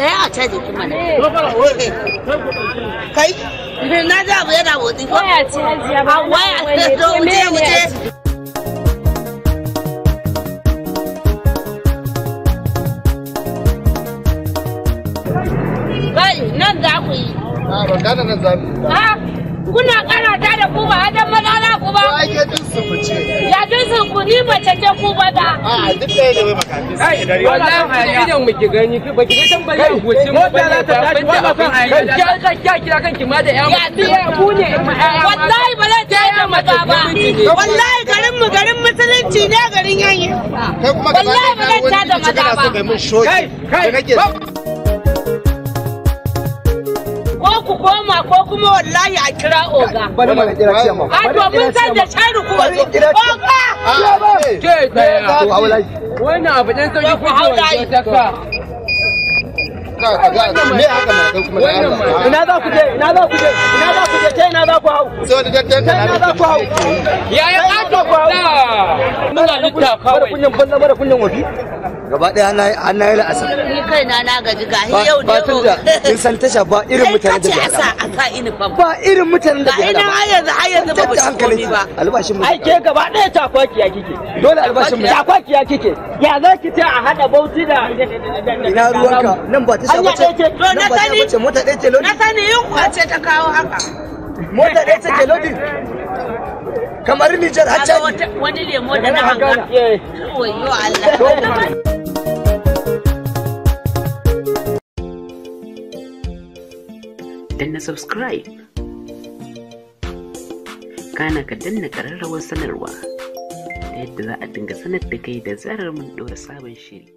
ɗaya a caji kuma ne. kai na ji abu yana motsi ko waya ce hajiya ba waya ce to mu je mu je nan za ku yi. Ba, ah, ban gane nan za ku yi. Ha, kuna karata da ku ba ba ya jinsin ku ni mace ce ku ba da a duk idan muke gani ba ki ga ta ta tashi ba ba kan ayi ka ya kira ma da ƴan ya ku ne wallahi ba zai ta yi mata ba wallahi garin mu garin musulunci ne garin yayi kai kuma ka ba ta da mata ba kai kai ku koma ko kuma wallahi a kira oga. Bari mana kira ce ma. Ah, eh. A to mun san da shari ku wazo. Oga. Ke daya. To haulaji. Wannan abu dan sauki ku haulaji. Ah. Ina za ku je, ina za ku je, ina za ku je, ta ina za ku hau. Sai ina za ku hau. Yaya ƙato ku hau. kunyan banza mara kunyan wafi gaba ɗaya an na yi la'asa ni kai na na gaji ga yau da yau ba in san tasha ba irin mutanen da ke hada a ka ini ba ba irin mutanen da ke hada ba yanzu har yanzu ba ta hankali ba albashin mu ai ke gaba ɗaya takwakiya kike dole albashin mu takwakiya kike ya za ki ta a hada bauti da ina ruwanka nan ba tasha ba ce nan ba tasha ba ce mota ɗaya ce lodi na sani yin kwace ta kawo haka mota ɗaya ce ke lodi kamar Nijar har can wani lemo da na hanga wayo Allah danna subscribe kana ka danna kararrawar sanarwa ta yadda za a dinga sanar da kai da zarar mun ɗora sabon shiri